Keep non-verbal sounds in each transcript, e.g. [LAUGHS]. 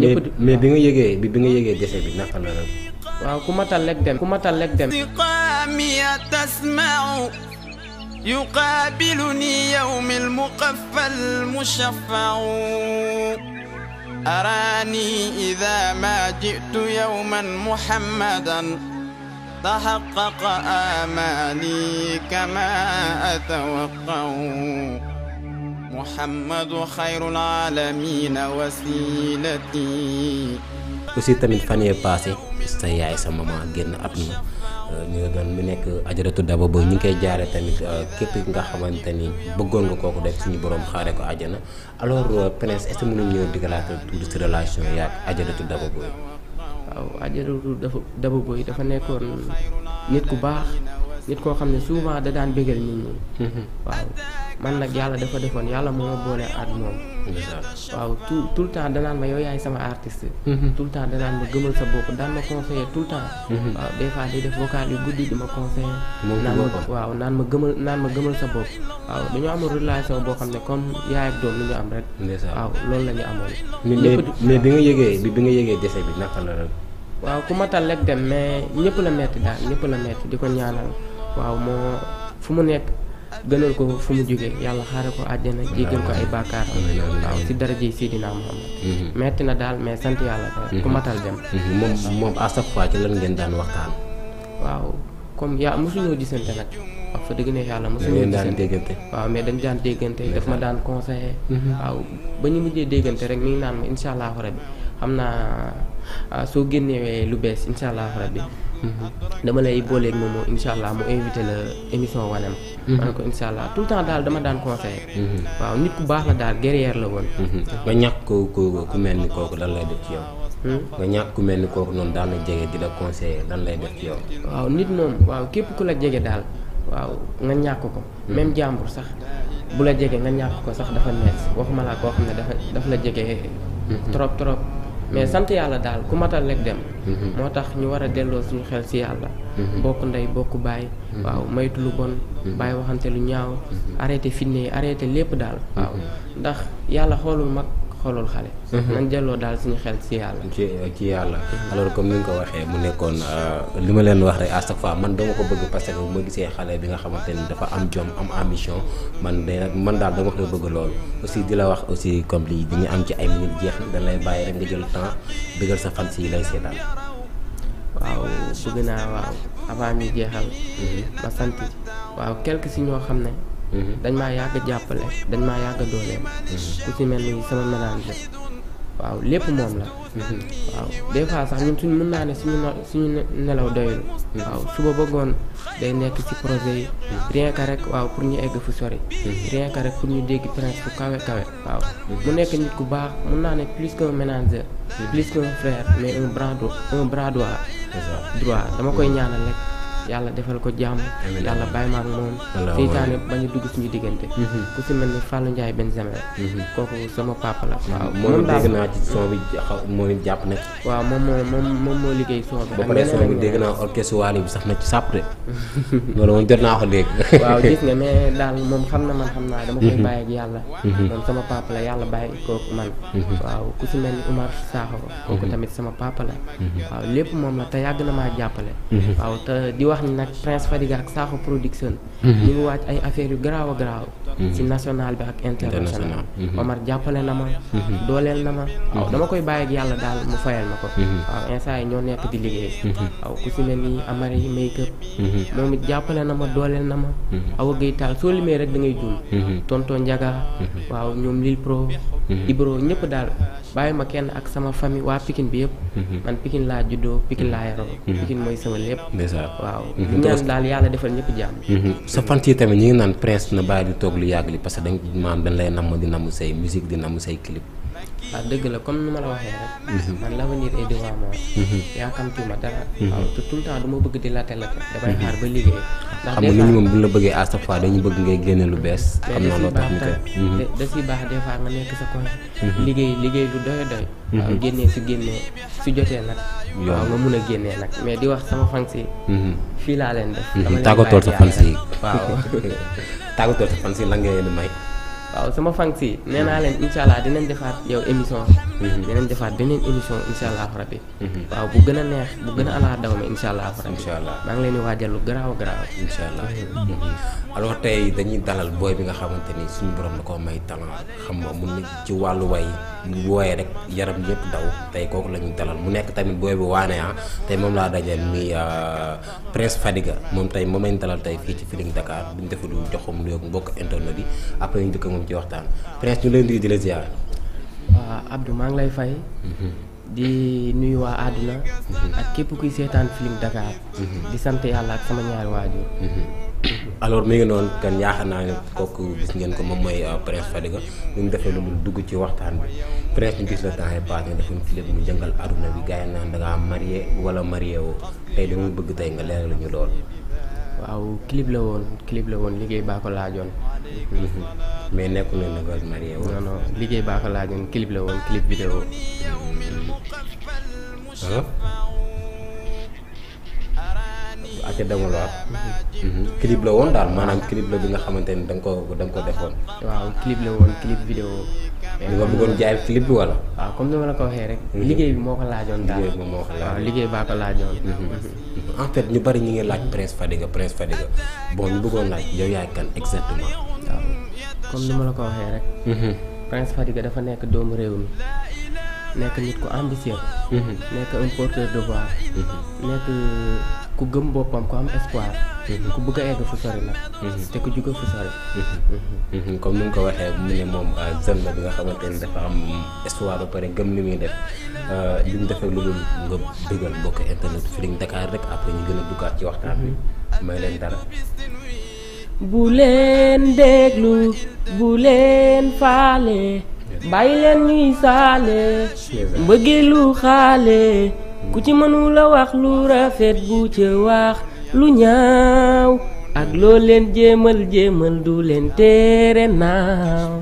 mais mais bi nga yëgee bi nga yëgee dese bi naka la la. waaw ku ma tal rek dem ku ma tal rek dem. siqaamiya tasmau yuqaabiluni yawmi almuqaffa almushaffau araani ida ma jitu yawman muhammadan taxaqaqa amaani kama atawaqqau Muhammadu xayrul tamit fan yee sa yaay sa maman mu euh, nekk ajaratu daba ba ñu ngi koy jaare tamit euh, képp nga xamante ni bëggoon nga kooku def suñu borom xaare ko àjjana alors euh, Prince est-ce que mën nañu ñëw digalaatal tuuti si relation yaa ak ajaratu daba booy dafa nekkoon nit ku baax nit koo xam ne souvent da daan bégal nit ñi mm-hmm. waaw man nag yàlla dafa defoon yàlla moo ma boole ak moom. waaw tout tout le temps danaan ma yow yaay sama artiste. Mm-hmm. tout le temps danaan ma gëmal sa bopp daan ma conseiller tout le temps. Mm-hmm. waaw des fois def vocal yu guddi di conseiller. naan ma gëmal sa bopp. waaw dañoo amoon relation boo xam ne comme yaay ak doom lu ñu am rek. waaw loolu la ñu amoon. mais bi nga yëgee bi bi naka la waaw ku matal rek dem mais ñëpp la metti daal ñëpp la metti di ko ñaanal waaw moo gënal ko fu mu jógee yàlla xaare ko àjjana jéggal ko ay bàkkaar waaw si daraje Seydina Muhammad mm-hmm. metti na daal mais sant yàlla ku mm-hmm. matal dem mm-hmm. moom moom à chaque fois ci lan ngeen daan waxtaan waaw comme yaa mosuñoo gisante nag wax fa dëgg ne yàlla mosuñoo gisante waaw mais dañ daan déggante daf ma daan conseillé waaw ba ñu mujjee déggante rek mi naan ma incha allahu rabbi xam naa ah soo génnewee lu bees incha allah rabbi mhm. dama lay booleeg moom moo incha allah mu invité la émission wanam ma mhm. ne ko incha allah daal dama daan conseillé. Mhm. waaw nit ku baax la daal guerrière la woon. nga ñàkk ko ku mel ni kooku lan lay def ci yow. Hmm? mel ni kooku noonu daan jege di la conseillé lan lay def ci yow. waaw nit noonu waaw képp ku la jege daal waaw nga ñàkk ko. Hmm. même jàmbur sax bu la jege nga ñàkk ko sax dafa neex waxuma laa koo xam ne dafa dafa la jege. Hmm. trop trop. mais mm-hmm. sant yàlla daal ku matal rek dem. Mm-hmm. moo tax ñu war a delloo suñu xel ci yàlla. Mm-hmm. bokk ndey bokk baay. waaw maytu lu bon. bàyyi waxante lu ñaaw. arrêté fitne yi arrêté lépp daal. waaw ndax yàlla xoolul mag. xoolul xale. Mhm. nañ delloo daal suñu xel ci yàlla. ci comme ni nga ko waxee mu nekkoon euh, li ma leen wax rek à fois man dama ko bëgg parce que bu ma gisee xale bi nga xamante ni dafa am jom am ambition man de man daal dama ko bëgg loolu. aussi di la wax aussi comme lii dañu am ci ay minutes jeex na dañ lay bàyyi rek nga jël sa fan si lay seetaan. waaw bëgg naa waaw avant ñuy jeexal. Mhm. ma sant waaw quelque si ñoo xam ne. Mm-hmm. dañ maa yàgg jàppale dañ maa yàgg a dooleel mm-hmm. ku ci mel ni sama ménager waaw lépp moom la mm-hmm. waaw des sax ñun suñ mën naa ne suñu suñu nelaw doylu waaw suba bëggoon day nekk ci projet yi rien rek waaw pour ñu egg fu sori rien rek pour ñu dégg prince fu kawe kawe waaw mu nekk nit ku baax mën naa ne plus qu'un ménager plus qu'un frère mais un bras un bras droit dama koy ñaanal rek yàlla defal ko jàmm yàlla bàyyi ma ak moom seytaane bañ a dugg suñu diggante mhm. ku si mel ni Fallou Ndiaye Benjamin mhm. kooku sama papa la waaw moom dégg naa ci son bi moo jàpp na waaw moom moo moom moom moo liggéey son bi ba pare son bi dégg naa orchestre waali bi sax na ci sàpp de [LAUGHS] loolu moom jot naa ko dégg waaw gis nga mais daal moom xam na man xam naa dama koy mhm. bàyyi ak yàlla moom sama papa yàlla bàyyi kooku man waaw ku si mel ni Oumar Sakho kooku tamit sama papa la waaw lépp moom la te yàgg na maa jàppale waaw te wax ni nag Prince Fadiga ak Sakho production. Mhm. ñu ngi waaj ay affaires yu garaaw a garaaw. Mhm. ci national bi ak international. Mhm. Omar jàppale na ma. dooleel na ma. waaw dama koy bàyyi ak yàlla daal mu fayal na ko. waaw instant yi ñoo nekk di liggéey. waaw ku si ne nii amari make up. moom it jàppale na ma dooleel na ma. a gay taal soo limee rek da ngay juum. tonton Ndiaga. waaw ñoom Lil Pro. Ibro ñëpp daal bàyyi ma kenn ak sama famille waa Pikine bi yëpp. man Pikine laa juddoo waaw mhm. ñaan daal yàlla defal ñëpp jàmm mhm. sa fant yi tamit ñi ngi naan prince na bàyyi di toog lu yàgg li parce que dañ maam dañ lay namm di namm say musique di namm say clip dëgg la comme ni ma la waxee rek mhm. ba liggéey ndax xam nga nit ñi moom bu la bëggee à fois dañu bëgg ngay génne lu bees xam naa loo tax ni que da si baax des fois nga nekk sa koñ liggéey liggéey lu doy waaw génnee si génnee su jotee nag waaw nga mun a génnee nag mais di wax sama fan si fii laa leen def. tàggatool sa fan si waaw [LAUGHS] tàggatool sa fan si lan may. waaw sama fan si nee naa leen incha allah dinañ defaat yow émission. Mhm. dinañ defaat beneen émission incha allahu rabbi mhm. waaw bu gën a neex bu gën a ala daw ma incha allahu rabbi maa ngi leen di waajal lu garaaw garaaw incha allah mhm. alors tey dañuy dalal booy bi nga xamante ni suñu borom ko may talent xam nga mu nekk ci wàllu way mu wooyee rek yaram yëpp daw tey kooku la ñu dalal mu nekk tamit booy bi waane ah moom laa dajeel muy euh, Prince Fadiga moom tey moom lañ dalal tey fii ci Feeling Dakar buñ defa du joxum lu yog mbokk internet yi après ñu dëkk moom ci waxtaan Prince ñu leen di di la ziar waaw euh, Abdou maa ngi lay fay. Mm-hmm. di nuyu waa àdduna. Mm-hmm. ak képp kuy seetaan film Dakar. Mm-hmm. di sant yàlla ak sama ñaari waajur. [COUGHS] alors mi ngi noonu kan yaakaar naa ne kooku gis ngeen ko moom mooy euh, Prince Fadiga ñu mu defee lu mu dugg ci waxtaan bi Prince ñu gis la temps yii paase nga defoon mu jëngal àdduna bi gars yi naan da ngaa marié wala marié woo tey li bëgg tey nga leeral ñu lool. waaw clip la woon clip la woon liggéey baa ko laajoon. Mhm. mais nekkul ne nga marié woon. liggéey baa ko laajoon clip la woon clip vidéo. ah. ak demul waaw. Mhm. clip la woon daal maanaam clip la bi nga xamante ni da ko da ko defoon. waaw clip la woon clip vidéo. li nga bëggoon jaay flip bi wala. waaw ah, comme ni ma la ko waxee rek. Mhm. liggéey bi moo ko laajoon daal liggéey bi moo ko laajoon waaw ah, liggéey baa ko laajoon. Mhm. en fait ñu bari ñu ngi laaj Prince Fadiga Prince Fadiga bon ñu bëggoon laaj yow yaay kan exactement. waaw comme ni ma la ko waxee rek. Mhm. Prince Fadiga dafa nekk doomu réew mi nekk nit ku ambitieux. nekk un porteur de voix. nekk. ku gëm boppam ku am espoir. Mhm. ku bëgg a egg fu sori mhm. te ku jóge fu sori. Mhm. comme ni nga ko waxee mu ne moom euh, jeune la bi nga xamante ni dafa am espoir ba pare gëm li muy def euh, li mu defee lu dul nga dëggal bokk internet Feeling Dakar rek après ñu gën a duggaat ci waxtaan bi may leen dara. bu leen déglu bu leen faale bàyyi leen saale mbëggeelu xaale. ku ci mënula wax lu rafet bu ci wax lu ñaaw ak loo leen jéemal jéemal du leen téere naaw.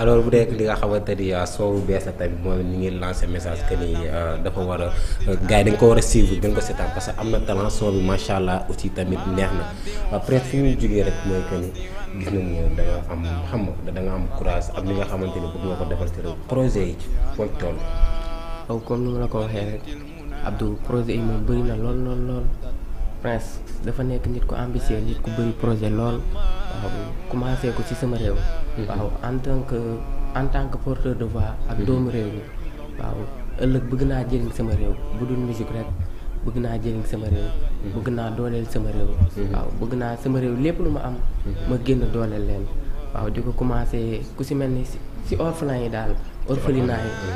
alors bu dee li nga xamante ni euh, soo bu bees la tamit mooy ñu ngi lancé message que ni euh, dafa war a euh, gars yi ko war a suivre dañ ko seetaan parce que am na talent son bi macha allah aussi tamit neex na après fi ñu jógee rek mooy que ni gis nañu da am xam nga da danga am courage am li nga xamante ni bëgg nga ko defal ci projet yi ci foofu toll. donc comme ni ma la ko waxee rek Abdou projet yi moom bëri na lool lool lool Prince dafa nekk nit ku ambitieux nit ku bëri projet lool commencé ko ci sama réew. Mhm. waaw tant que en tant que porteur de voix ak mhm. doomu réew mi waaw ëllëg bëgg naa jëriñ sama réew bu dul musique rek bëgg naa jëriñ sama réew. Mhm. bëgg naa dooleel sama réew. waaw bëgg naa sama réew lépp lu ma am. ma génn dooleel leen waaw di ko commencé ku si mel ni si orphelin yi daal. orphelinat yi.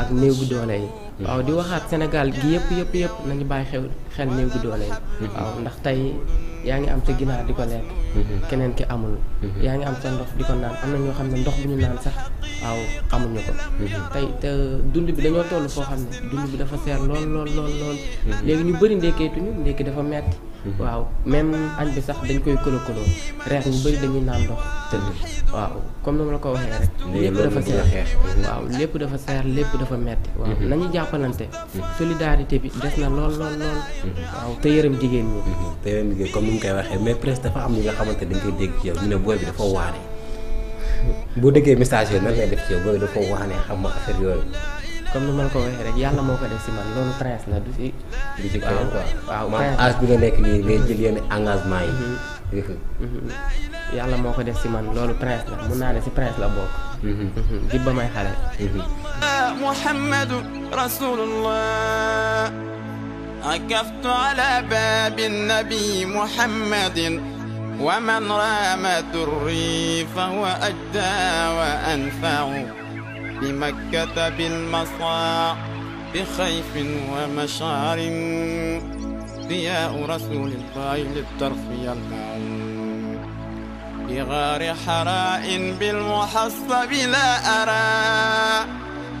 ak néew bu doole yi. waaw di waxaat Sénégal gi yëpp yëpp yëpp nañu bàyyi xel xel néew gi doole mhm. ndax tey yaa ngi am sa ginaar di ko lekk mhm. keneen ki amul mhm. yaa ngi am sa ndox di ko naan am na ñoo xam ne ndox bu ñu naan sax waaw amuñu ko tey te dund bi dañoo toll foo xam ne dund bi dafa seer lool lool lool lool léegi ñu bëri ndékkeetuñu ndékki dafa metti waaw même añ bi sax dañ koy kolo kolo reer ñu bëri dañuy naan ndox tëdd waaw comme ni ma la ko waxee rek lépp dafa seer waaw lépp dafa seer lépp dafa metti waaw nañu jàppalante. solidarité bi des na lool lool lool. waaw te yërëm jigéen ñi. Mhm. te yërëm jigéen comme ni mu koy waxee mais presque dafa am ñi nga xamante dañ koy dégg ci yow ñu ne booy bi dafa waane. boo déggee message yooyu def ci yow booy bi dafa xam nga affaire yooyu. comme ni ma la ko waxee rek yàlla moo ko def si man loolu prince la du si. du si quoi waaw waaw prince bi nga nekk nii ngay jël yenn engagement yi. Mhm. Mhm. yàlla moo ko def si man loolu prince la mun naa ne si prince la bokk mhm. Mhm. di ba may xale muhammadu rasulullah akaftu ala babi nabi muhammadin wa man raama durri fa huwa ajda wa anfau bi makkata bilmasa bi xayfin wa masharin أوفياء رسول القائل الترفي المعون بغار حراء بالمحصب لا أرى